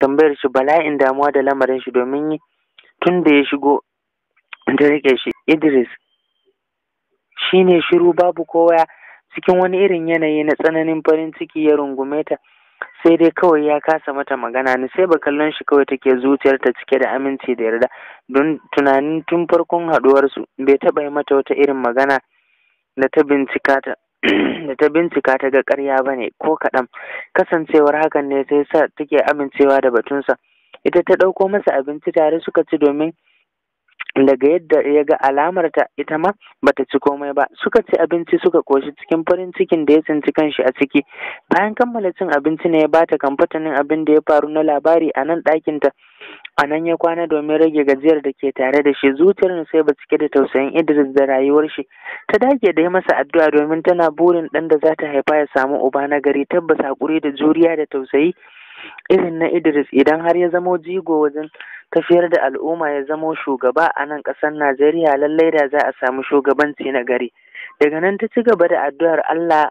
tambayar shi bala'in damuwa da lamarin shi domin tun da ya shigo da rike shi Idris shi ne shiru babu kowa cikin wani irin yanayi na tsananin farin ciki ya rungume ta sai dai kawai ya kasa mata magana ne, sai ba kallon shi kawai take zuciyarta cike da aminci da yarda don tunanin tun farkon haɗuwarsu bai taɓa yi mata wata irin magana da ta bincika ta da ta bincika ta ga ƙarya ba ne ko kaɗan kasancewar hakan ne sai sa take amincewa da batunsa ita ta ɗauko masa abinci tare suka ci domin daga yadda ya ga alamar ta ita ma bata ci komai ba suka ci abinci suka koshi cikin farin cikin da ya tsinci kanshi a ciki bayan kammala cin abinci ne ya bata kamfatanin abin da ya faru na labari a nan ɗakin ta a nan ya kwana domin rage gajiyar da ke tare da shi zuciyar na sai ba cike da tausayin Idris da rayuwar shi ta dage da yi masa addu'a domin tana burin ɗan da za ta haifa ya samu uba na gari tabbas hakuri da juriya da tausayi irin na Idris idan har ya zamo jigo wajen tafiyar da al'umma ya zamo shugaba a nan ƙasar Najeriya lallai da za a samu shugabanci na gari. Daga nan ta ci gaba da addu'ar Allah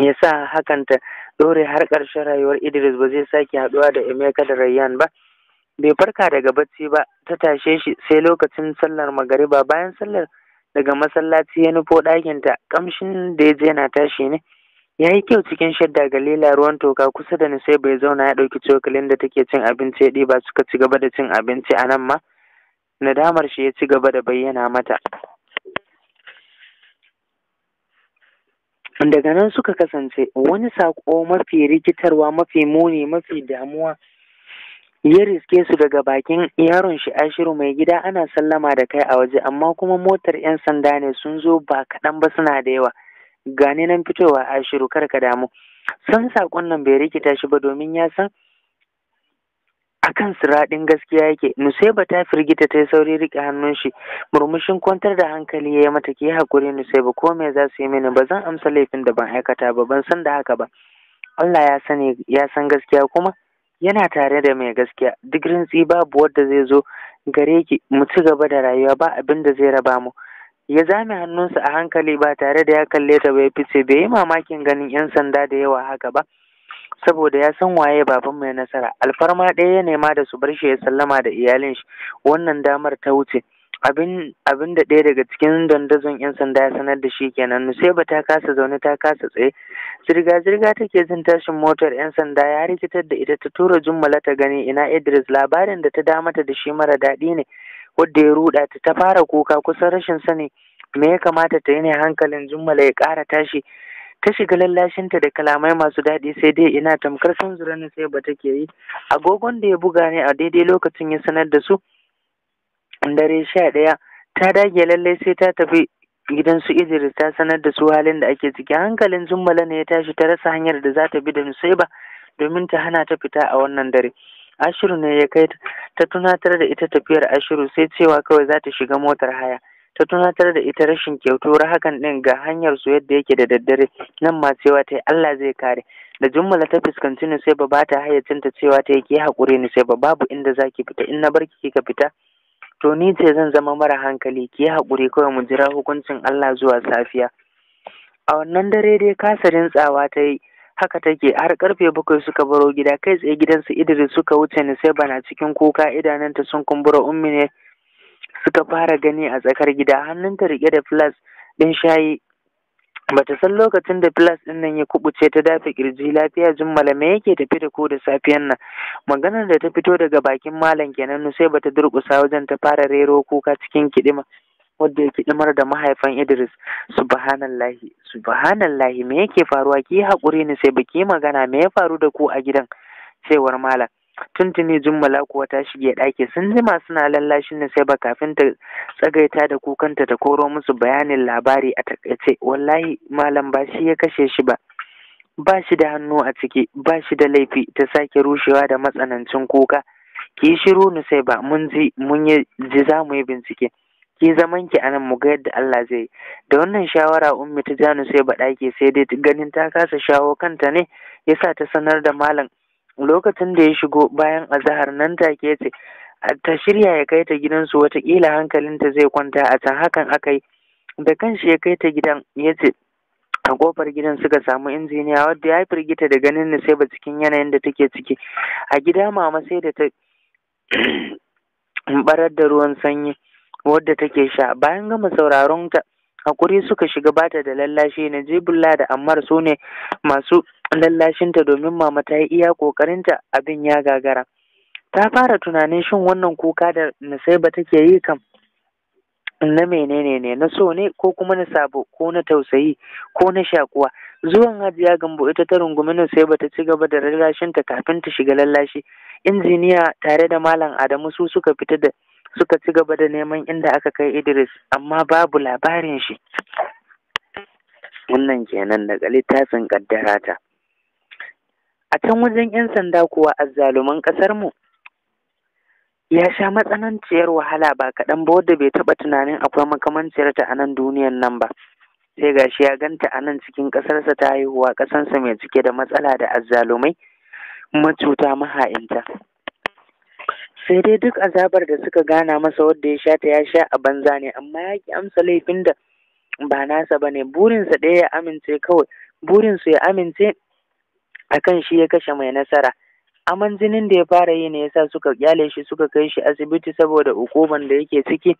ya sa hakan ta ɗore har ƙarshen rayuwar Idris ba zai sake haɗuwa da Emeka da Rayyan ba. Bai farka daga bacci ba ta tashe shi sai lokacin sallar magariba bayan sallar daga masallaci ya nufo ɗakinta ƙamshin da ya je na tashi ne. ya yi kyau cikin shadda ga lela ruwan toka kusa da ni sai bai zauna ya ɗauki cokalin da take cin abinci ya ɗiba suka ci gaba da cin abinci a nan ma nadamar shi ya ci gaba da bayyana mata daga nan suka kasance wani saƙo mafi rikitarwa mafi muni mafi damuwa ya riske su daga bakin yaron shi ashiru mai gida ana sallama da kai a waje amma kuma motar 'yan sanda ne sun zo ba kaɗan ba suna da yawa gane nan fitowa a shiru kar ka damu san sakon nan bai rikita shi ba domin ya san akan siraɗin gaskiya yake Nuseba ta firgita ta yi sauri rike hannun shi murmushin kwantar da hankali ya yi mata ki hakuri nusaiba ko me za su yi mini ba zan amsa laifin da ban aikata ba ban san da haka ba Allah ya sani ya san gaskiya kuma yana tare da mai gaskiya duk rintsi babu wadda zai zo gare ki mu ci gaba da rayuwa ba abin da zai raba mu ya zame hannunsa a hankali ba tare da ya kalle ta ba ya fice bai yi mamakin ganin 'yan sanda da yawa haka ba saboda ya san waye baban mai nasara alfarma ɗaya ya nema da su bar shi ya sallama da iyalin shi wannan damar ta wuce abin abin da ɗaya daga cikin dandazon 'yan sanda ya sanar da shi kenan ba ta kasa zaune ta kasa tsaye zirga zirga take jin tashin motar 'yan sanda ya rikitar da ita ta tura jummala ta gani ina idris labarin da ta damata da shi mara daɗi ne wadda ya ruɗa ta ta fara kuka kusan rashin sani me ya kamata ta yi ne hankalin jummala ya ƙara tashi ta shiga lallashinta da kalamai masu daɗi sai dai ina tamkar sun zuranin sai ba take yi agogon da ya buga ne a daidai lokacin ya sanar da su dare sha ɗaya ta dage lallai sai ta tafi gidan su Idris ta sanar da su halin da ake ciki hankalin Jummala ne ya tashi ta rasa hanyar da za ta bi da Nusaiba domin ta hana ta fita a wannan dare. ashiru ne ya kai ta tunatar da ita tafiyar ashiru sai cewa kawai za ta shiga motar haya ta tunatar da ita rashin kyautuwar hakan din ga hanyar su yadda yake da daddare nan ma cewa ta Allah zai kare da jummala ta fuskanci ni sai ba ta hayyacinta cewa ta yake hakuri ni sai ba babu inda zaki fita in na bar ki kika fita to ni ce zan zama mara hankali ki yi hakuri kawai mu jira hukuncin Allah zuwa safiya a wannan dare dai kasarin tsawa ta yi haka take har karfe bakwai suka baro gida kai tsaye gidansu idris suka wuce ni sai bana cikin kuka idananta sun kumbura ummi ne suka fara gani a tsakar gida hannunta rike da flas din shayi bata san lokacin da flas din nan ya kubuce ta dafe kirji lafiya jummala me yake tafi da ko da safiyan nan maganar da ta fito daga bakin malam kenan sai bata durkusa wajen ta fara rero kuka cikin kidima wadda ya kidimar da mahaifan Idris subhanallahi subhanallahi me yake faruwa ki hakuri ne sai baki magana me ya faru da ku a gidan cewar malam tuntuni jummala kuwa ta shige ɗaki sun jima suna lallashin ne sai ba kafin ta tsagaita da kukanta ta koro musu bayanin labari a takaice wallahi malam ba shi ya kashe shi ba ba shi da hannu a ciki ba shi da laifi ta sake rushewa da matsanancin kuka ki shiru ni sai ba mun ji mun ji za mu yi bincike ki zaman ki anan mu ga yadda Allah zai da wannan shawara ummi ta janu sai baɗaki sai dai ganin ta kasa shawo kanta ne yasa ta sanar da malam lokacin da ya shigo bayan azahar nan take ce ta shirya ya kai ta gidansu watakila hankalinta zai kwanta a can hakan aka yi da kanshi ya kai ta gidan ya ce a kofar gidan suka samu injiniya wadda ya firgita da ganin ni sai ba cikin yanayin da take ciki a gida mama sai da ta barar da ruwan sanyi wadda take sha bayan gama sauraron ta hakuri suka shiga bata da lallashi na jibulla da ammar su ne masu lallashinta domin mama ta yi iya ta abin ya gagara ta fara tunanin shin wannan kuka da nasaiba take yi kam na menene ne na so ne ko kuma na sabo ko na tausayi ko na shakuwa zuwan hajiya gambo ita ta rungumi sai bata ci gaba da lallashinta kafin ta shiga lallashi injiniya tare da malam adamu su suka fita da suka ci gaba da neman inda aka kai Idris amma babu labarin shi wannan kenan daga littafin kaddara ta a can wajen 'yan sanda kuwa azzaluman ƙasar mu ya sha matsananciyar wahala ba kaɗan ba wadda bai taɓa tunanin akwai makamanciyar ta a nan duniyan nan ba sai gashi ya ganta a nan cikin ƙasarsa ta haihuwa ƙasarsa mai cike da matsala da azzalumai macuta maha'inta sai dai duk azabar da suka gana masa wadda ya sha ta ya sha a banza ne amma ya ki amsa laifin da ba nasa ba ne burinsa ɗaya ya amince kawai burinsu ya amince akan shi ya kashe mai nasara aman jinin da ya fara yi ne yasa suka kyale shi suka kai shi asibiti saboda ukuban da yake ciki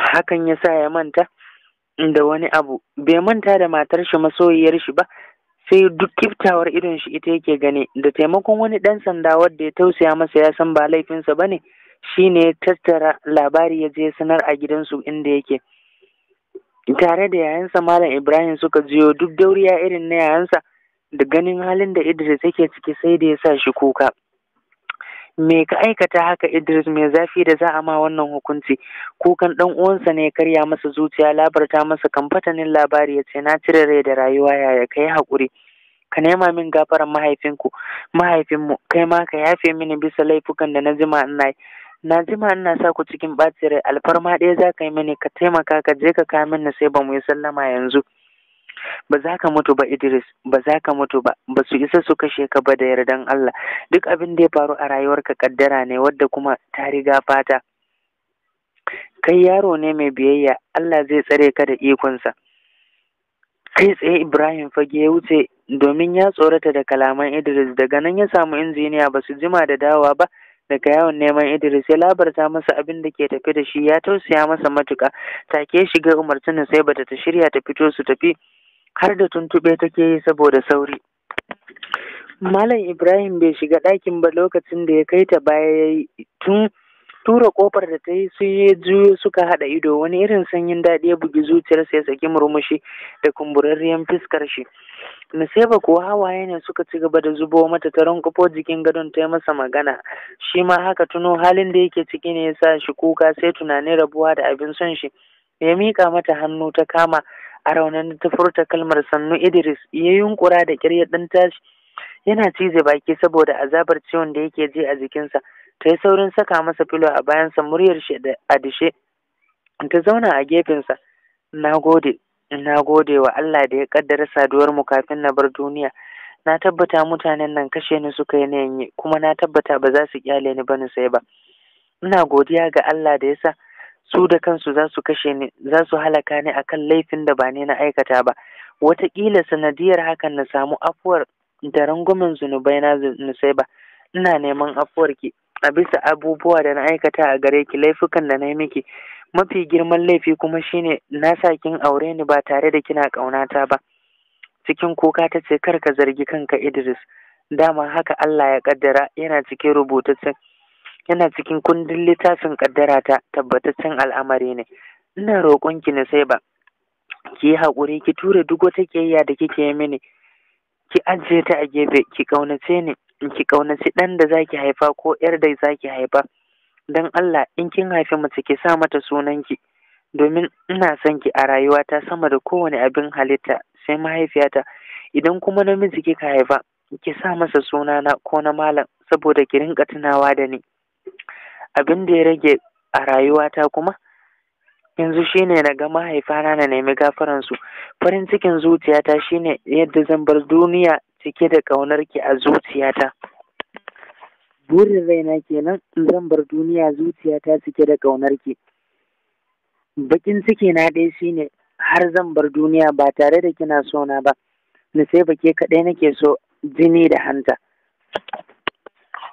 hakan yasa ya manta da wani abu bai manta da matar shi masoyiyar shi ba sai duk kiftawar idon shi ita yake gani da taimakon wani ɗan sanda wanda ya tausaya masa ya san ba laifinsa ba ne shine ya tattara labari ya je sanar a gidansu inda yake tare da yayansa malam ibrahim suka jiyo duk dauriya irin na yayansa da ganin halin da idris yake ciki sai da ya sa shi kuka me ka aikata haka Idris mai zafi da za a ma wannan hukunci kukan dan uwansa ne karya masa zuciya labarta masa kamfatanin labari ya ce na cire rai da rayuwa yaya kai hakuri ka nema min gafaran mahaifinku mahaifinmu kai ma ka yafe mini bisa laifukan da na jima ina na jima ina sa ku cikin bacin rai alfarma ɗaya za ka yi mini ka taimaka ka je ka kawo min na sai ba mu yi sallama yanzu ba za ka mutu ba Idris ba za ka mutu ba ba su isa su kashe ka ba da yardan Allah duk abin da ya faru a rayuwarka kaddara ne wadda kuma ta riga fata kai yaro ne mai biyayya Allah zai tsare ka da ikonsa kai tsaye Ibrahim fage ya wuce domin ya tsorata da kalaman Idris daga nan ya samu injiniya ba su jima da dawa ba daga yawon neman Idris ya labarta masa abin da ke tafi da shi ya tausaya masa matuka take shiga umarcinin sai bata ta shirya ta fito su tafi har da tuntuɓe take yi saboda sauri malam ibrahim bai shiga ɗakin ba lokacin da ya kai ta baya ya yi tun tura kofar da ta yi sun yi juyo suka haɗa ido wani irin sanyin daɗi ya bugi zuciyarsa ya saki murmushi da kumburarriyar fuskar shi Nasiba kuwa hawaye ne suka ci gaba da zubo mata ta rankufo jikin gadon ta yi masa magana. Shi ma haka tuno halin da yake ciki ne ya sa shi kuka sai tunanin rabuwa da abin son shi. Ya mika mata hannu ta kama a raunin ta furta kalmar sannu idris ya yunkura da ƙyar ɗan tashi yana cize baki saboda azabar ciwon da yake ji a jikinsa ta yi saurin saka masa filo a bayansa muryar shi a dishe ta zauna a gefensa na gode na gode wa allah da ya kaddara saduwar mu kafin na bar duniya na tabbata mutanen nan kashe ni suka yi na kuma na tabbata ba za su kyale ni ba ni sai ba ina godiya ga allah da ya sa su da kansu za su kashe ni za su halaka ni akan laifin da ba ni na aikata ba wataƙila sanadiyar hakan na samu afuwar da rangwamen zunubai na nusai ba. ina neman afuwar ki a bisa abubuwa da na aikata a gare ki laifukan da na yi miki mafi girman laifi kuma shine na sa kin aure ni ba tare da kina ƙaunata ba cikin kuka ta ce kar ka zargi kanka Idris dama haka Allah ya kaddara yana cikin rubutaccen yana cikin kundin littafin kaddara ta tabbataccen al'amari ne ina roƙon ki sai ba ki yi haƙuri ki tura duk wata ƙiyayya da kike yi mini ki ajiye ta a gefe ki ƙaunace ni ki ƙaunaci ɗan da zaki haifa ko ƴar da zaki haifa don Allah in kin haifi mace ki sa mata sunanki domin ina son ki a rayuwa ta sama da kowane abin halitta sai mahaifiyata idan kuma namiji kika haifa ki sa masa sunana ko na malam saboda ki rinka tunawa da ni abin da ya rage a rayuwata kuma yanzu shine na ga mahaifana na nemi gafaransu farin cikin zuciyata shine yadda zan bar duniya cike da ƙaunar ki a zuciyata burin raina kenan zan bar duniya zuciyata cike da ƙaunar ki bakin ciki na ɗaya shine har zan bar duniya ba tare da kina sona ba na sai bake kaɗai nake so jini da hanta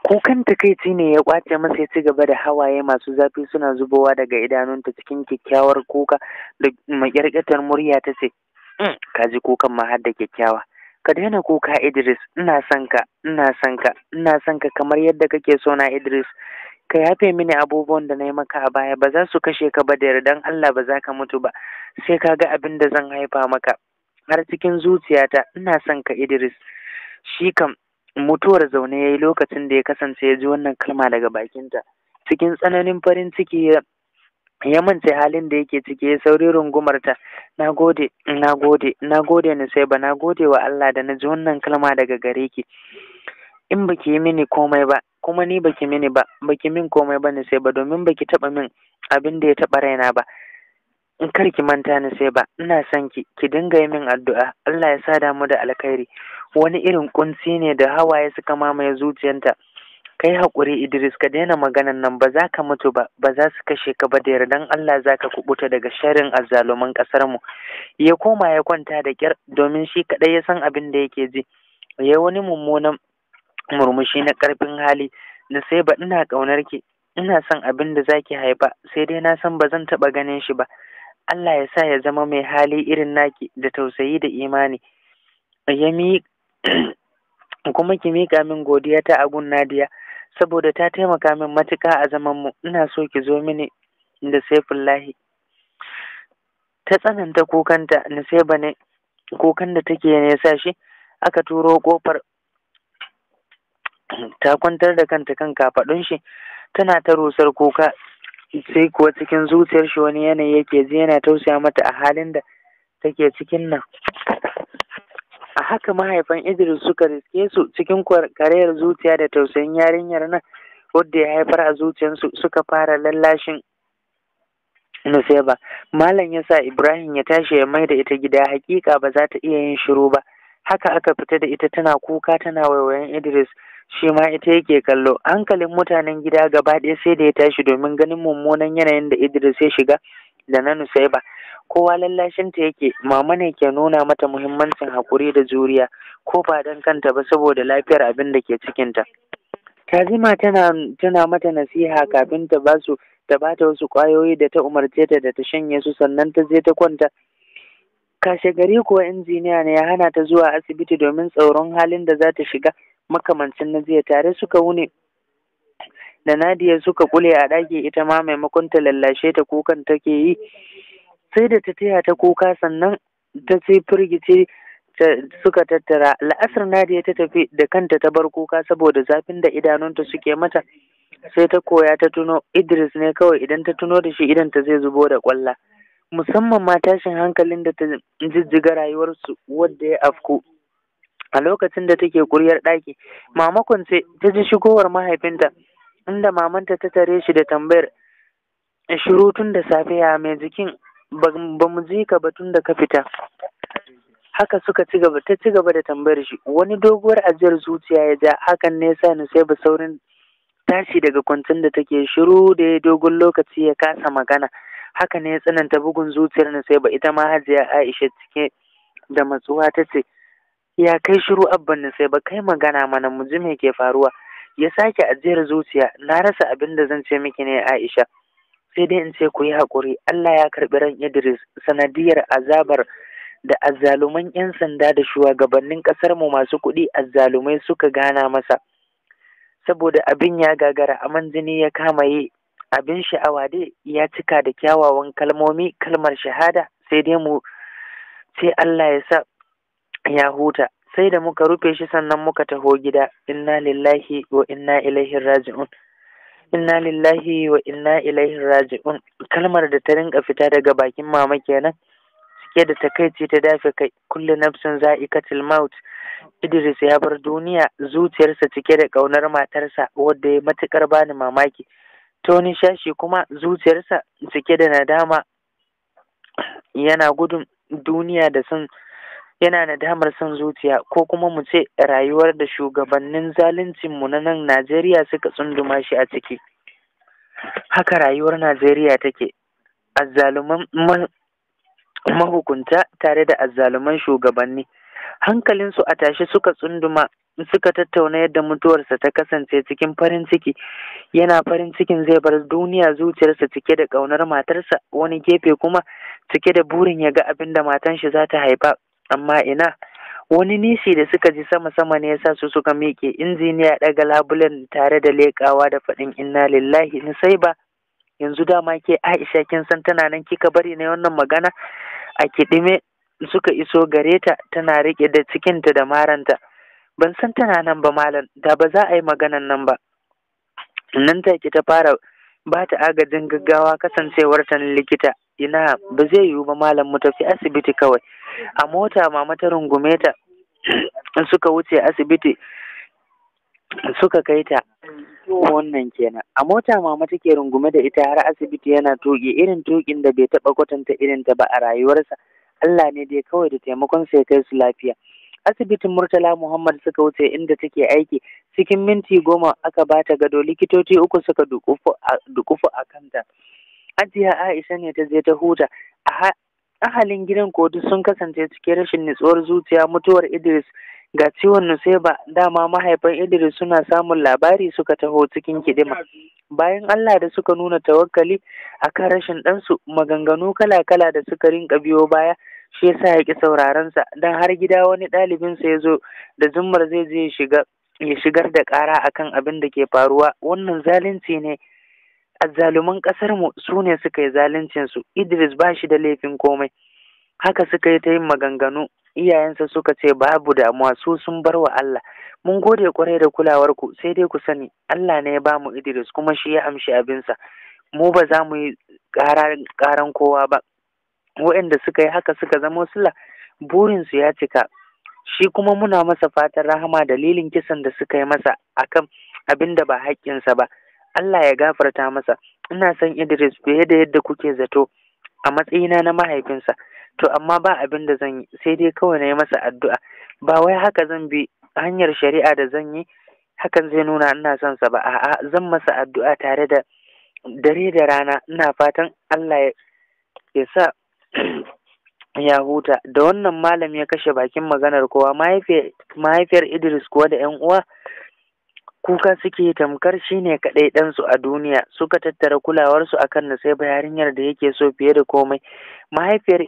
kukan takaici ne ya kwace masa ya ci gaba da hawaye masu zafi suna zubowa daga idanunta cikin kyakkyawar kuka da makirkatar murya ta ce mm, ka ji kukan ma har kyakkyawa ka daina kuka Idris ina son ka ina son ka ina son ka kamar yadda kake so na Idris ka yafe mini abubuwan da na yi maka a baya ba za su kashe ka ba da yardan Allah ba za ka mutu ba sai ka ga abin da zan haifa maka har cikin zuciyata ina son ka Idris shi kam mutuwar zaune ya yi lokacin da ya kasance ya ji wannan kalma daga bakinta cikin tsananin farin ciki ya mance halin da yake ciki ya sauri rungumarta na gode na gode na gode ni sai ba na gode wa Allah da na ji wannan kalma daga gare ki in baki yi mini komai ba kuma ni baki mini ba baki min komai ba ni sai ba domin baki taba min abin da ya taba raina ba in kar ki manta ni sai ba ina son ki ki dinga yi min addu'a Allah ya sa damu da alkhairi wani irin kunci ne da hawaye suka mamaye zuciyanta kai hakuri Idris ka daina maganan nan ba za ka mutu ba ba za su kashe ka ba da yardan Allah za ka kubuta daga sharrin azzaluman ƙasarmu. mu ya koma ya kwanta da kyar domin shi kaɗai ya san abin da yake ji ya wani mummunan murmushi na karfin hali da sai ba ina ƙaunar ki ina son abin da zaki haifa sai dai na san ba zan taɓa ganin shi ba Allah ya sa ya zama mai hali irin naki da tausayi da imani ya mi kuma ki miƙa min godiya ta agun Nadiya saboda ta taimaka min matuka a zaman mu ina so ki zo mini da Saifullahi ta tsananta kukanta ba ne kukan da take sa shi aka turo kofar ta kwantar da kanta kan kafaɗun shi tana ta rusar kuka sai kuwa cikin zuciyar shi wani yanayi yake ji yana tausaya mata a halin da take cikin nan a haka mahaifan Idris suka riske su cikin karayar zuciya da tausayin yarinyar nan wadda ya haifar a zuciyarsu suka fara lallashin Nuseba malam ya sa Ibrahim ya tashi ya mai da ita gida hakika ba za ta iya yin shiru ba haka aka fita da ita tana kuka tana waiwayen idris shi ma ita yake kallo hankalin mutanen gida gaba ɗaya sai da ya tashi domin ganin mummunan yanayin da idris ya shiga da na nusaiba kowa lallashinta yake mama ne ke nuna mata muhimmancin hakuri da juriya ko ba dan kanta ba saboda lafiyar abin da ke cikinta kazima tana tana mata nasiha kafin ta basu ta bata wasu kwayoyi da ta umarce ta da ta shanye su sannan ta je ta kwanta kashe gari kuwa injiniya ne ya hana ta zuwa asibiti domin tsoron halin da za ta shiga makamancin na jiya tare suka wuni da nadiya suka kule a ɗaki ita ma maimakon ta lallashe ta kukan take yi sai da ta taya ta kuka sannan ta sai firgice suka tattara la'asar nadiya ta tafi da kanta ta bar kuka saboda zafin da idanunta suke mata sai ta koya ta tuno idris ne kawai idan ta tuno da shi idan ta zai zubo da kwalla musamman ma tashin hankalin da ta jijjiga rayuwarsu wadda ya afku a lokacin da take kuryar ɗaki mamakon ce ta ji shigowar mahaifinta inda mamanta ta tare shi da tambayar shiru tun da safe ya mai jikin ba mu ji ka ba tun da ka fita haka suka ci gaba ta ci gaba da tambayar shi wani doguwar ajiyar zuciya ya ja hakan ne sa ni sai ba saurin tashi daga kwancin da take shiru da ya dogon lokaci ya kasa magana haka ne ya tsananta bugun zuciyar Nusaiba ita ma Hajiya Aisha cike da matsuwa ta ce ya kai shiru abban ba kai magana mana mu ji me ke faruwa ya sake ajiyar zuciya na rasa abin da zan ce miki ne Aisha sai dai in ce ku yi haƙuri Allah ya karɓi ran Idris sanadiyar azabar da azzaluman 'yan sanda da shugabannin mu masu kuɗi azzalumai suka gana masa saboda abin ya gagara aman jini ya kama yi abin sha'awa dai ya cika da kyawawan kalmomi kalmar shahada sai dai mu sai Allah ya sa ya huta sai da muka rufe shi sannan muka taho gida inna lillahi wa inna ilaihi raji'un inna lillahi wa inna ilaihi raji'un kalmar da ta rinka fita daga bakin mama kenan cike da takaici ta dafe kai kullu nafsin za'iqatul maut Idris ya bar duniya zuciyarsa cike da ƙaunar matarsa wadda ya matukar bani mamaki ta wani shashi kuma zuciyarsa cike da nadama yana gudun duniya da son yana nadamar son zuciya ko kuma mu ce rayuwar da shugabannin mu na nan Najeriya suka tsunduma shi a ciki. Haka rayuwar Najeriya take, azzaluman mahukunta tare da azzaluman shugabanni. Hankalinsu a tashi suka tsunduma suka tattauna yadda mutuwarsa ta kasance cikin farin ciki yana farin cikin zai bar duniya zuciyarsa cike da ƙaunar matarsa wani gefe kuma cike da burin ya ga abin da matan shi za ta haifa amma ina wani nishi da suka ji sama sama ne yasa su suka miƙe injiniya ɗaga labulen tare da leƙawa da faɗin inna lillahi ni sai ba yanzu dama ke aisha kin san tana nan kika bari na wannan magana a kiɗime suka iso gareta tana riƙe da cikinta da maranta ban san tana nan ba malam da ba za a yi maganan nan ba nan take ta fara ba ta agajin gaggawa kasancewar ta likita ina ba zai yiwu ba malam mu tafi asibiti kawai a mota mama ta rungume ta suka wuce asibiti suka kai ta wannan kenan a mota mama take rungume da ita har asibiti yana tuƙi irin tuƙin da bai taɓa kwatanta irin ta ba a rayuwarsa Allah ne dai kawai da taimakon sai kai su lafiya asibitin Murtala Muhammad suka wuce inda take aiki cikin minti goma aka bata gado likitoci uku suka dukufu a kanta. Ajiya Aisha ne ta je ta huta. A halin gidan kodi sun kasance cikin rashin nutsuwar zuciya mutuwar Idris ga ciwon Nuseba dama mahaifan Idris suna samun labari suka taho cikin kidima. Bayan Allah da suka nuna tawakkali kan rashin ɗansu maganganu kala-kala da suka rinka biyo baya shi yasa ya ki sauraron sa dan har gida wani ɗalibin sa yazo da zummar zai je ya shigar da ƙara akan abin da ke faruwa wannan zalunci ne azzaluman ƙasar mu su ne suka yi zaluncin su Idris ba shi da laifin komai haka suka yi ta yin maganganu iyayensa suka ce babu damuwa su sun bar wa Allah mun gode kwarai da kulawar ku sai dai ku sani Allah ne ya ba mu Idris kuma shi ya amshi abinsa mu ba za mu yi ƙaran kowa ba waɗanda suka yi haka suka zama sula burinsu ya cika shi kuma muna masa fatan rahama dalilin kisan da suka yi masa akan abin da ba haƙƙinsa ba Allah ya gafarta masa ina son Idris fiye da yadda kuke zato a matsayina na mahaifinsa to amma ba abin da zan yi sai dai kawai na yi masa addu'a ba wai haka zan bi hanyar shari'a da zan yi hakan zai nuna ina son sa ba a'a zan masa addu'a tare da dare da rana ina fatan Allah ya sa ya huta da wannan malam ya kashe bakin maganar kowa mahaifiyar idris kuwa da yan uwa kuka suke tamkar shine kaɗai ɗansu a duniya suka tattara kulawarsu akan na sai yarinyar da yake so fiye da komai mahaifiyar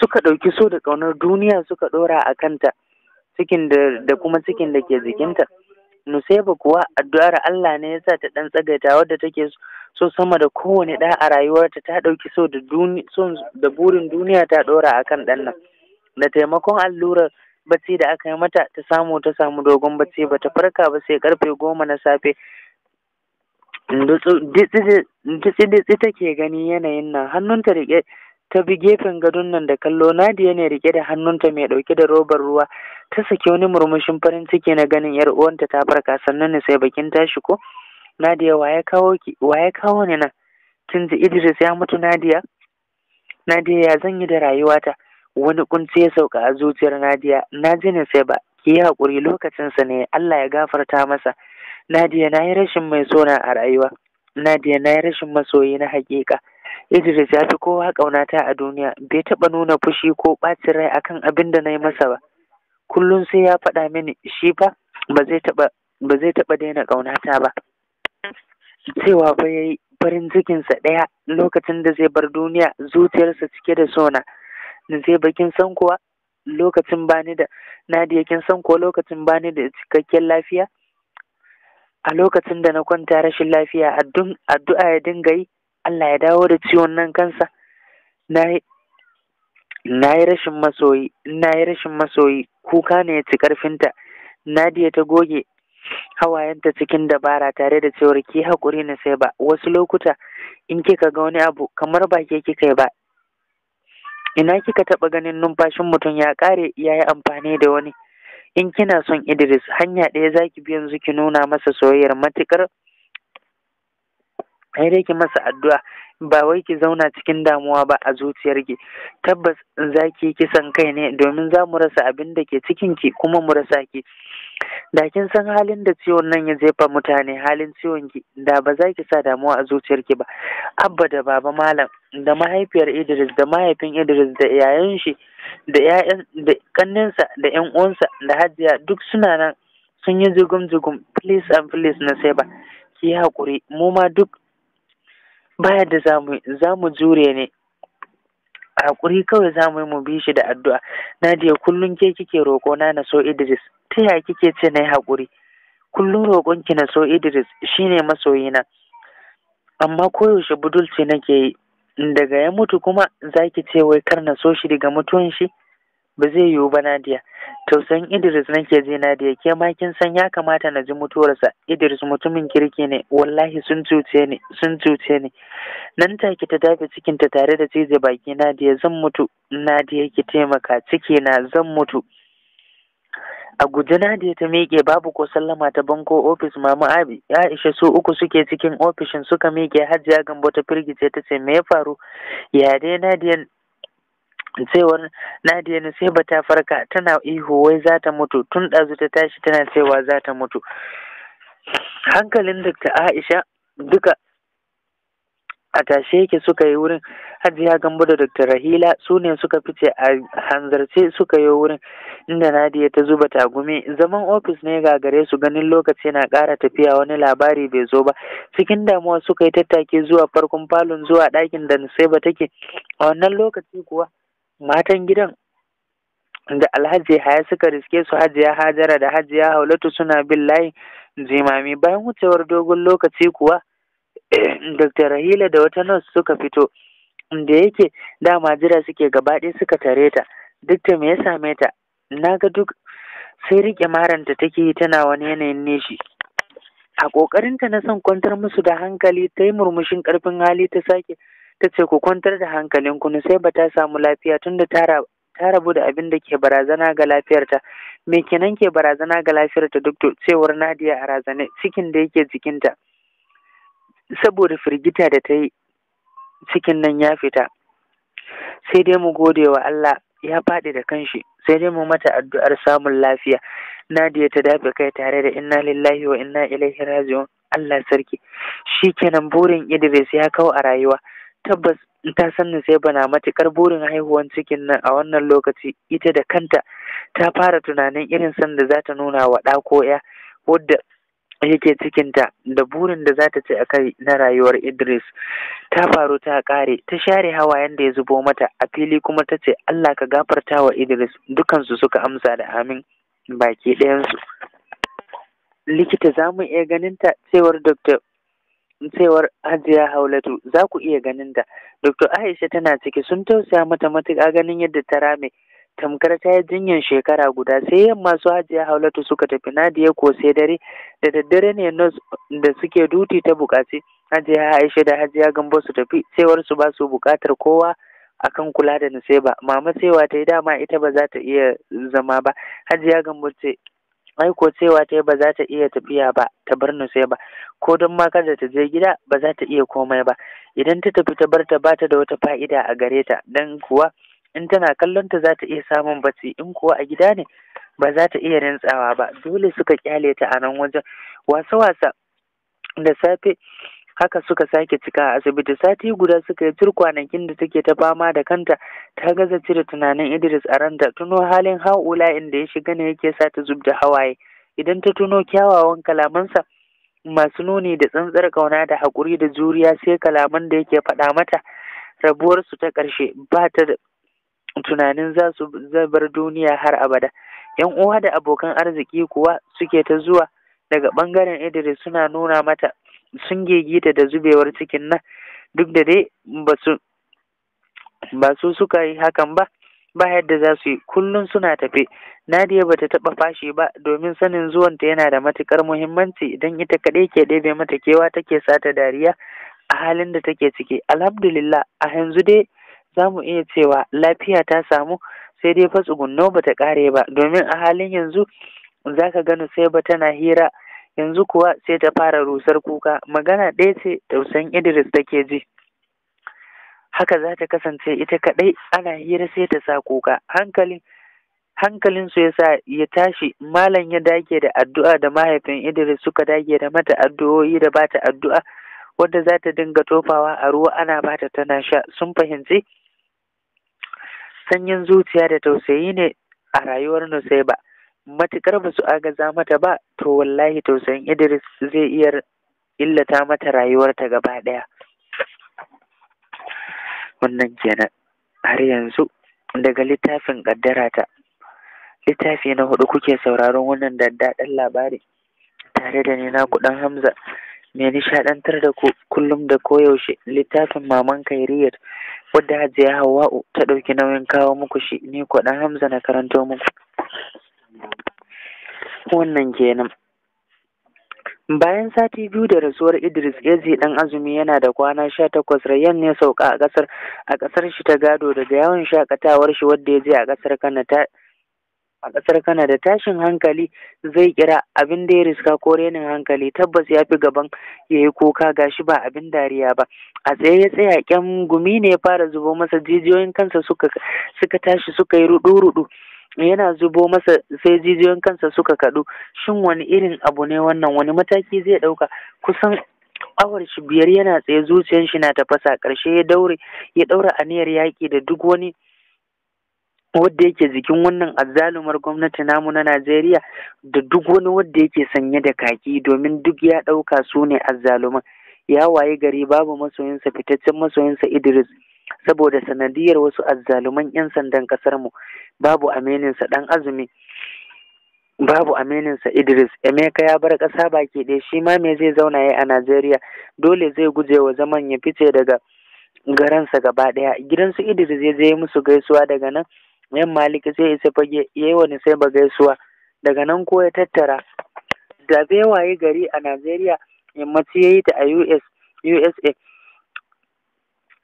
suka ɗauki so da ƙaunar duniya suka ɗora a kanta cikin da kuma cikin da ke jikinta nusaiba kuwa addu'ar allah ne yasa ta ɗan tsagaita wadda take so so sama da kowane ɗa a rayuwarta ta ɗauki so da da burin duniya ta ɗora a kan ɗan nan da taimakon allurar bacci da aka yi mata ta samu ta samu dogon bacci ba ta farka ba sai karfe goma na safe ditsi take gani yanayin nan hannunta rike ta bi gefen gadon nan da kallo Nadiya ne rike da hannunta mai dauke da robar ruwa ta saki wani murmushin farin ciki na ganin yar uwanta ta farka sannan ne sai bakin tashi ko Nadiya wa kawo ki kawo ni nan kin ji Idris ya mutu Nadiya Nadia, ya zan yi da rayuwata wani kunci ya sauka a zuciyar Nadiya na ji ne sai ba ki yi hakuri lokacin sa ne Allah ya gafarta masa Nadia na yi rashin mai sona a rayuwa Nadia na yi rashin masoyi na hakika Idris ya fi kowa ƙaunata a duniya bai taɓa nuna fushi ko ɓacin rai akan abin da na yi masa ba kullum sai ya faɗa mini shi fa ba zai taɓa daina ƙaunata ba cewa ya yi farin cikinsa ɗaya lokacin da zai bar duniya zuciyarsa cike da sona na zai bakin san kuwa lokacin bani da Na da kin san kuwa lokacin bani da cikakken lafiya a lokacin da na kwanta rashin lafiya addu'a ya dinga yi Allah ya dawo da ciwon nan kansa na yi rashin masoyi rashin masoyi kuka ne ya ci karfinta nadiya ta goge hawayenta cikin dabara tare da cewar ki haƙuri na sai ba wasu lokuta in kika ga wani abu kamar ba ke kika yi ba ina kika taɓa ganin numfashin mutum ya ƙare ya yi amfani da wani in kina son idris hanya ɗaya za ki bi yanzu ki nuna masa soyayyar matuƙar ai dai ki masa addu'a ba wai ki zauna cikin damuwa ba a zuciyar ki tabbas za ki kisan kai ne domin za mu rasa abin da ke cikin ki kuma mu rasa ki da kin san halin da ciwon nan ya jefa mutane halin ciwon ki da ba za ki sa damuwa a zuciyar ki ba abba da baba malam da mahaifiyar idris da mahaifin idris da yayan shi da yayan da kanninsa da yan uwansa da hajiya duk suna nan sun yi jugum jugum please and please na sai ba ki haƙuri mu ma duk baya da zamu zamu jure ne hakuri kawai za mu yi mu bi shi da addu'a nadiya kullum ke kike roƙo na na so idris ta ya kike ce na yi hakuri kullum roƙon ki na so idris shine masoyina amma koyaushe budulci nake yi daga ya mutu kuma zaki ce wai kar na so shi daga mutuwan shi ba zai yiwu ba To tausayin Idris nake je Nadia ke ma kin san ya kamata na ji mutuwarsa Idris mutumin kirki ne wallahi sun cuce ni sun cuce ni nan take ta dafe cikin ta tare da cije baki Nadia. zan mutu Nadia. ki taimaka ciki na zan mutu a guji Nadia ta miƙe babu ko sallama ta banko ofis mama Abi Aisha su uku suke cikin ofishin suka miƙe Hajiya Gambo ta firgice ta ce me ya faru ya dai Nadia. cewar Nadiya sai ta farka tana ihu wai za ta mutu tun ɗazu ta tashi tana cewa za ta mutu. Hankalin Dr. Aisha duka a tashe yake suka yi wurin Hajiya Gambo da Dr. Rahila su ne suka fice a hanzarce suka yi wurin inda Nadia ta zuba tagumi zaman ofis ne gagare su ganin lokaci na ƙara tafiya wani labari bai zo ba cikin damuwa suka yi tattaki zuwa farkon falon zuwa ɗakin da ba take a wannan lokaci kuwa matan gidan da alhaji haya suka riske su hajiya hajara da hajiya haulatu suna bin layin jimami bayan wucewar dogon lokaci kuwa dr rahila da wata nurse suka fito da yake dama jira suke gabaɗaya suka tare ta duk da me ya same ta na ga duk sai riƙe maranta take yi tana wani yanayin neshi. a ƙoƙarinta na son kwantar musu da hankali ta yi murmushin ƙarfin hali ta sake ta ce ku kwantar da hankalinku ba ta samu lafiya tunda ta ta rabu da abin da ke barazana ga lafiyarta me kenan ke barazana ga lafiyarta duk da cewar nadiya a razane cikin da yake jikinta saboda firgita da ta yi cikin nan ya fita sai dai mu gode wa allah ya faɗi da kanshi sai dai mu mata addu'ar samun lafiya nadiya ta dafe kai tare da inna lillahi wa inna ilaihi raji'un allah sarki Shi kenan burin idris ya kawo a rayuwa tabbas ta san sai bana matukar burin haihuwan cikin nan a wannan lokaci ita da kanta ta fara tunanin irin san da za ta nuna wa ɗa ko ya wadda yake cikinta da burin da za ta ci a kai na rayuwar Idris ta faru ta ƙare ta share hawayen da ya zubo mata a fili kuma ta ce Allah ka gafarta wa Idris dukansu suka amsa da amin baki ɗayansu likita za mu iya ganinta ta cewar Dr. cewar hajiya haulatu za ku iya ganin da dr aisha tana ciki sun tausaya mata matuƙa ganin yadda ta rame tamkar ta yi jinyar shekara guda sai yamma su hajiya haulatu suka tafi nadiya ko sai dare da daddare ne da suke duti ta bukaci hajiya aisha da hajiya gambo su tafi cewar su ba su bukatar kowa a kan kula da nuseba mama cewa ta yi dama ita ba za ta iya zama ba hajiya gambo ce ai ko cewa ta ba za ta iya tafiya ba ta bar ni sai ba ko don ma kada ta je gida ba za ta iya komai ba idan ta tafi ta bar ta ba ta da wata fa'ida a gare ta dan kuwa in tana kallon ta za ta iya samun bacci in kuwa a gida ne ba za ta iya rantsawa ba dole suka kyale ta a nan wajen wasa wasa da safe haka suka sake cika a asibiti sati guda suka yi tur kwanakin da take ta fama da kanta ta gaza cire tunanin idris a ranta tuno halin haula inda ya shiga ne yake sa ta zub da hawaye idan ta tuno kyawawan kalamansa masu nuni da tsantsar kauna da haƙuri da juriya sai kalaman da yake faɗa mata rabuwarsu ta ƙarshe ba ta da tunanin za su bar duniya har abada yan uwa da abokan arziki kuwa suke ta zuwa daga ɓangaren idris suna nuna mata sun gegita da zubewar cikin nan duk da dai ba su suka yi hakan ba ba yadda za su yi kullum suna tafe nadiya ba ta taɓa fashe ba domin sanin zuwanta yana da matukar muhimmanci idan ita kaɗai ke ɗebe mata kewa take sata dariya a halin da take ciki alhamdulillah a yanzu dai za mu iya cewa lafiya ta samu sai dai fa tsugunno ba ta ƙare ba domin a halin yanzu za ka gani sai ba tana hira yanzu kuwa sai ta fara rusar kuka magana ɗaya ce tausan idris take ji haka za ta kasance ita kaɗai ana hira sai ta sa kuka hankalin hankalin su yasa ya tashi malam ya dage da addu'a da mahaifin idris suka dage da mata addu'o'i da bata addu'a wadda za ta dinga tofawa a ruwa ana bata tana sha sun fahimci sanyin zuciya da tausayi ne a rayuwar nusaiba matukar ba su agaza mata ba to wallahi tausayin Idris zai iya illata mata rayuwarta gaba ɗaya wannan kenan har yanzu daga littafin ƙaddara ta littafi na hudu kuke sauraron wannan daddaɗin labari tare da ni na kuɗin Hamza mai nishaɗantar da ku kullum da koyaushe littafin maman kairiyar wadda hajiya hawa'u ta ɗauki nauyin kawo muku shi ni kuɗin Hamza na karanto muku wannan kenan bayan sati biyu da rasuwar idris Eze dan azumi yana da kwana sha takwas rayyan ne sauka a kasar a kasar shi ta gado daga yawon shakatawar shi wadda ya je a kasar kana ta a ƙasar da tashin hankali zai kira abin da ya riska ko renin hankali tabbas ya fi gaban ya yi kuka shi ba abin dariya ba a tsaye ya tsaya kyan gumi ne ya fara zubo masa jijiyoyin kansa suka tashi suka yi ruɗu-ruɗu. yana zubo masa sai jijiyoyin kansa suka kaɗu shin wani irin abu ne wannan wani mataki zai ɗauka kusan awar shi biyar yana tsaye zuciyar shi na tafasa ƙarshe ya daure ya daura aniyar yaƙi da duk wani wadda yake jikin wannan azzalumar gwamnati namu na Najeriya da duk wani wadda yake sanye da kaki domin duk ya ɗauka su ne azzaluman ya waye gari babu masoyinsa fitaccen masoyinsa Idris saboda sanadiyar wasu azzaluman 'yan sandan ƙasarmu babu amininsa ɗan azumi babu amininsa idris emeka ya bar ƙasa baki ɗaya shi ma me zai zauna ya a najeriya dole zai guje wa zaman ya fice daga garansa gaba ɗaya su idris ya je musu gaisuwa daga nan yan maliki sai isa fage ya yi wani sai ba gaisuwa daga nan ko ya tattara da bewaye gari a najeriya yammaci ya yi ta a us usa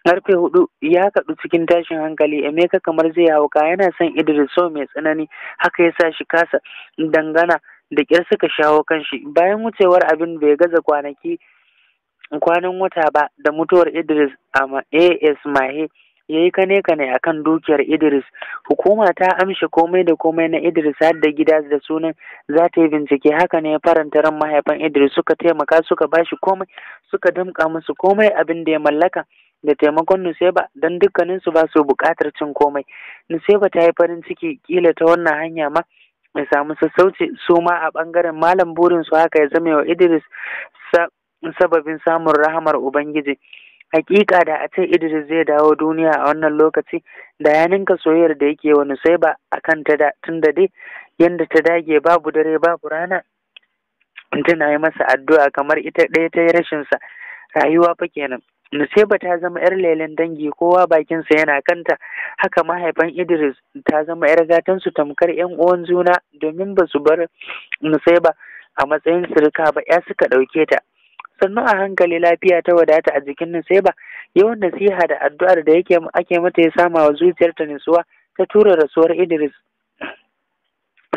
Karfe hudu ya kaɗu cikin tashin hankali, Emeka kamar zai hauka yana son Idris so mai tsanani, haka ya sa shi kasa dangana da ƙyar suka shawo kan shi. Bayan wucewar abin bai gaza kwanaki kwanan wata ba da mutuwar Idris a AS Mahe ya yi kane kane a kan dukiyar Idris. Hukuma ta amshe komai da komai na Idris har da gida da sunan za ta yi bincike haka ne faranta ran mahaifan Idris suka taimaka suka bashi komai suka damƙa musu komai abin da ya mallaka. da taimakon Nuseba don dukkaninsu ba su buƙatar cin komai. Nuseba ta yi farin ciki kila ta wannan hanya ma ya samu sassauci su ma a ɓangaren malam burin su haka ya zame wa Idris sababin samun rahamar Ubangiji. Hakika da a ce Idris zai dawo duniya a wannan lokaci da ya ninka soyayyar da yake wa Nuseba a kan ta da tun da dai yadda ta dage babu dare babu rana tana yi masa addu'a kamar ita ɗaya ta yi rashinsa rayuwa fa kenan. Nuseba ta zama 'yar lelen dangi kowa bakinsa yana kanta haka mahaifan Idris ta zama 'yar su tamkar 'yan uwan juna domin ba su bar Nuseba a matsayin sirka ba ya suka ɗauke ta. Sannan a hankali lafiya ta wadata a jikin Nuseba yawan nasiha da addu'ar da yake ake mata ya sama wa zuciyarta nutsuwa ta tura rasuwar Idris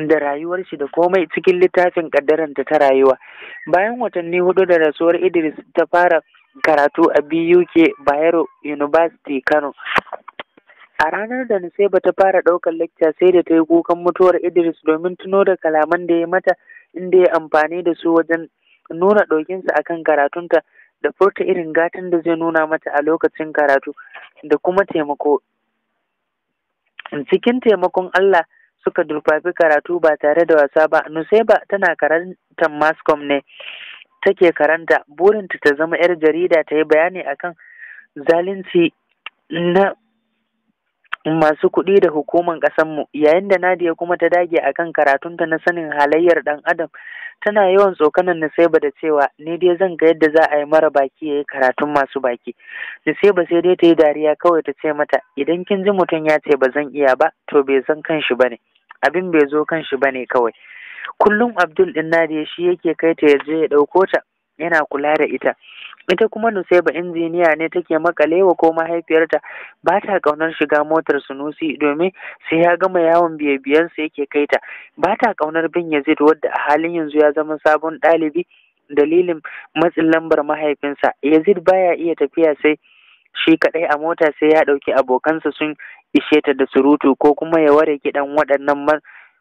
da rayuwar shi da komai cikin littafin kaddaranta ta rayuwa. Bayan watanni hudu da rasuwar Idris ta fara karatu a BUK Bayero University Kano. A ranar da Nusaiba ta fara ɗaukar lecture sai da ta yi kukan mutuwar Idris domin tuno da kalaman da ya mata inda ya amfani da su wajen nuna ɗokinsa kan karatunta da furta irin gatan da zai nuna mata a lokacin karatu da kuma taimako. Cikin taimakon Allah suka durfafi karatu ba tare da wasa ba, Nusaiba tana karantar mascom ne. take karanta burinta ta zama 'yar jarida ta yi bayani akan zalunci na masu kuɗi da hukumar ƙasanmu yayin da Nadia kuma ta dage akan karatunta na sanin halayyar ɗan adam tana yawan tsokanan Nusaiba da cewa ni dai zan ga yadda za a yi mara baki ya yi karatun masu baki Nusaiba sai dai ta yi dariya kawai ta ce mata idan kin ji mutum ya ce ba zan iya ba to bai san kan shi ne abin bai zo kan shi ba ne kawai kullum abdul din nadiya shi yake kai ta ya ya ɗauko ta yana kula da ita ita kuma nusaiba injiniya ne take wa ko mahaifiyarta ba ta kaunar shiga motar sunusi domin sai ya gama yawon biye sa yake kai ta ba ta kaunar bin yazid wadda a halin yanzu ya zama sabon ɗalibi dalilin matsin lambar mahaifinsa yazid baya iya tafiya sai shi kaɗai a mota sai ya ɗauki abokansa sun ishe ta da surutu ko kuma ya ware kiɗan waɗannan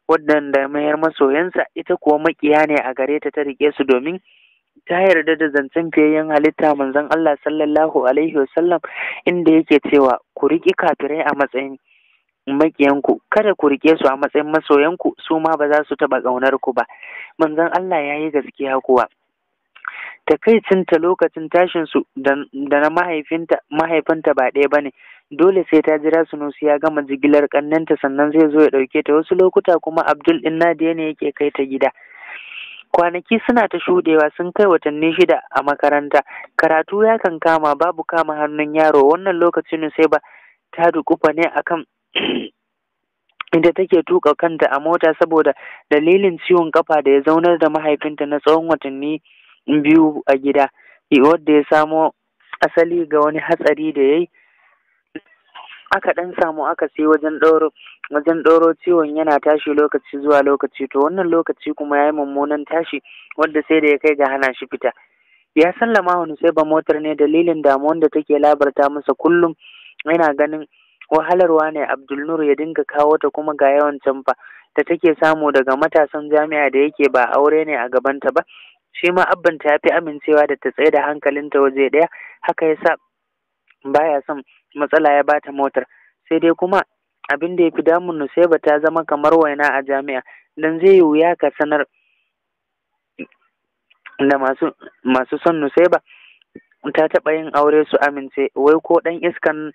waɗanda mayar masoyansa ita kuwa makiya ne a gare ta ta riƙe su domin ta yarda da zancen fiyayyen halitta manzon Allah sallallahu alaihi wasallam inda yake cewa ku riƙi kafirai a matsayin makiyanku kada ku riƙe su a matsayin masoyanku su ma ba za su taɓa ƙaunar ku ba manzon Allah ya yi gaskiya kuwa takaicinta lokacin tashinsu da na mahaifinta ba ɗaya ba ne dole sai ta jira sunusi ya gama jigilar kannanta sannan zai zo ya ɗauke ta wasu lokuta kuma abdul ɗin da ne yake kai ta gida kwanaki suna ta shudewa sun kai watanni shida a makaranta karatu ya kan kama babu kama hannun yaro wannan lokacin sai ba ta dukufa ne akan inda take tuka kanta a mota saboda dalilin ciwon kafa da ya zaunar da mahaifinta na tsawon watanni biyu a gida wadda ya samo asali ga wani hatsari da ya yi aka ɗan samu aka sai wajen ɗoro wajen ɗoro ciwon yana tashi lokaci zuwa lokaci to wannan lokaci kuma ya yi mummunan tashi wanda sai da ya kai ga hana shi fita ya sallama wani sai ba motar ne dalilin damuwan da take labarta masa kullum yana ganin wahalarwa ne Abdulnur ya dinga kawo ta kuma ga yawan canfa da take samu daga matasan jami'a da yake ba aure ne a gabanta ba shi ma Abban ta fi amincewa da ta tsaye da hankalinta waje ɗaya haka ya sa baya son matsala ya bata motar sai dai kuma abin da ya fi damun Nusaiba ta zama kamar waina a jami'a dan zai yi wuya ka sanar da masu masu son Nusaiba ta taɓa yin aure su amince wai ko ɗan iskan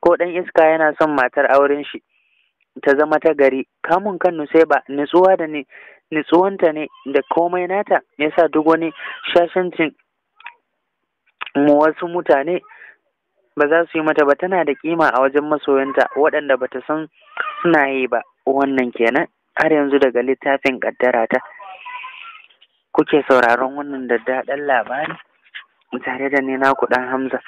ko ɗan iska yana son matar auren shi ta zama ta gari kamun kan Nusaiba nutsuwa da ne nutsuwanta ne da komai nata yasa duk wani shashancin mu wasu mutane ba za su yi mata ba tana da kima a wajen masoyanta waɗanda ba ta san suna yi ba wannan kenan har yanzu daga littafin kaddara ta kuke sauraron wannan daddaɗan labari tare da ni naku ɗan hamza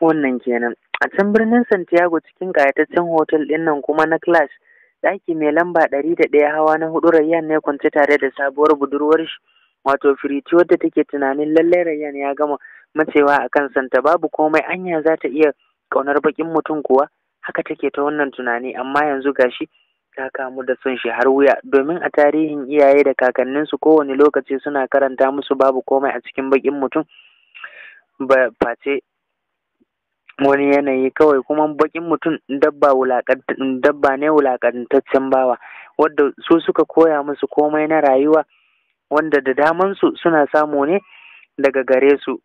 wannan kenan a can birnin santiago cikin ƙayataccen hotel ɗin nan kuma na clash ɗaki mai lamba ɗari da ɗaya hawa na hudu rayyan ne kwance tare da sabuwar budurwar shi wato firiti wadda take tunanin lallai rayyan ya gama macewa a kan santa babu komai anya za ta iya ƙaunar bakin mutum kuwa haka take ta wannan tunani amma yanzu gashi ta kamu da son shi har wuya domin a tarihin iyaye da kakanninsu kowane lokaci suna karanta musu babu komai a cikin baƙin mutum ba face wani yanayi kawai kuma bakin mutum dabba dabba ne wulakantaccen bawa wadda su suka koya musu komai na rayuwa wanda da damansu suna samu ne daga gare su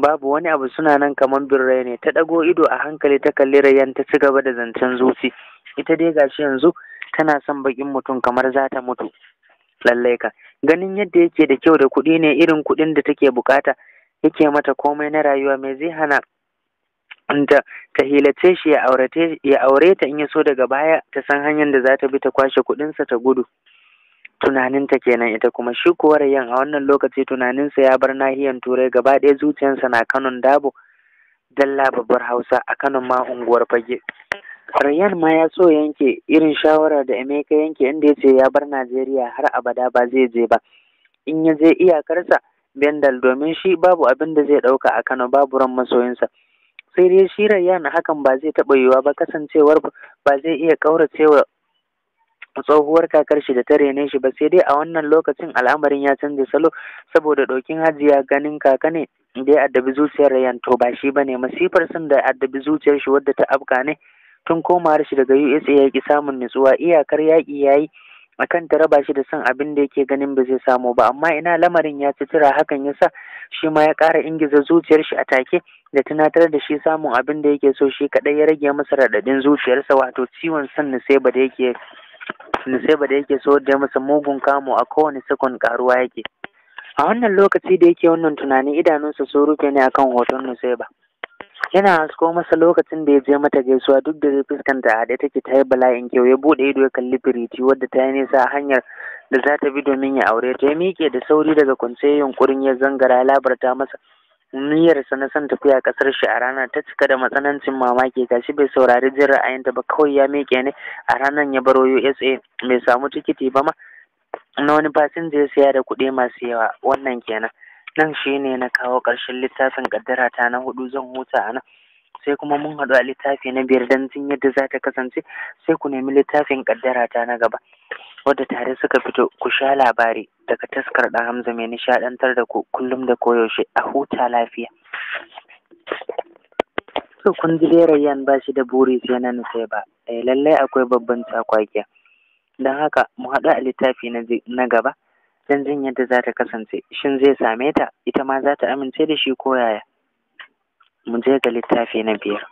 babu wani abu suna nan kamar birrai ne ta ɗago ido a hankali ta kalli rayan ta ci gaba da zancen zuci ita dai gashi yanzu tana son bakin mutum kamar za ta mutu lallai ka ganin yadda yake da kyau da kuɗi ne irin kuɗin da take bukata yake mata komai na rayuwa mai zai hana ta ta hilace shi ya aure ta in ya so daga baya ta san hanyar da za ta bi ta kwashe kuɗinsa ta gudu tunaninta kenan ita kuma shi kuwa yin a wannan lokaci tunaninsa ya bar nahiyar turai gaba ɗaya zuciyarsa na kanon dabo dalla babbar hausa a kanon ma unguwar fage rayan ma ya so yanke irin shawarar da emeka yanke inda ya ce ya bar najeriya har abada ba zai je ba in ya je iyakarsa bendal domin shi babu abin da zai ɗauka a kano babu ran masoyinsa sai dai shi rayan hakan ba zai taɓa yiwuwa ba kasancewar ba zai iya ƙauracewa tsohuwar kakar shi da ta rene shi ba sai dai a wannan lokacin al'amarin ya canza salo saboda ɗokin hajiya ganin kaka ne da ya addabi zuciyar rayan to ba shi bane masifar sun da addabi zuciyar shi wadda ta afka ne tun komawar shi daga USA ya ki samun nutsuwa iyakar yaƙi yayi akan ta raba shi da son abin da yake ganin ba zai samu ba amma ina lamarin ya ci tura hakan ya sa shi ma ya ƙara ingiza zuciyar shi a take da tunatar da shi samun abin da yake so shi kaɗai ya rage masa raɗaɗin zuciyarsa wato ciwon son na sai ba da yake Nuseba da yake so da masa mugun kamo a kowane sakon karuwa yake. A wannan lokaci da yake wannan tunani idanunsa sun rufe ne akan hoton Nuseba. Yana hasko masa lokacin da ya je mata gaisuwa duk da zai fuskanta a da take ta yi bala'in kyau ya buɗe ido ya kalli firiti wadda ta yi nisa a hanyar da za ta bi domin ya aure ta ya miƙe da sauri daga kwance yunkurin ya zangara labarta masa niyyar sa na son tafiya kasar shi a rana ta cika da matsanancin mamaki ga shi bai saurari jin ra'ayinta ba kawai ya miƙe ne a ranar ya baro USA bai samu tikiti ba ma na wani fasinja ya siya da kuɗi masu yawa wannan kenan nan shi ne na kawo ƙarshen littafin ƙaddara ta na hudu zan huta a nan sai kuma mun haɗu a littafi na biyar don jin yadda za ta kasance sai ku nemi littafin ƙaddara ta na gaba wadda tare suka fito ku sha labari daga taskar ɗan Hamza mai nishaɗantar da ku kullum da koyaushe a huta lafiya. So kun ji dai Rayyan ba shi da buri sai na nufe ba, eh lallai akwai babban takwaki. Don haka mu haɗu a littafi na gaba don jin yadda za ta kasance, shin zai same ta ita ma za ta amince da shi ko yaya? Mu je ga littafi na biyar.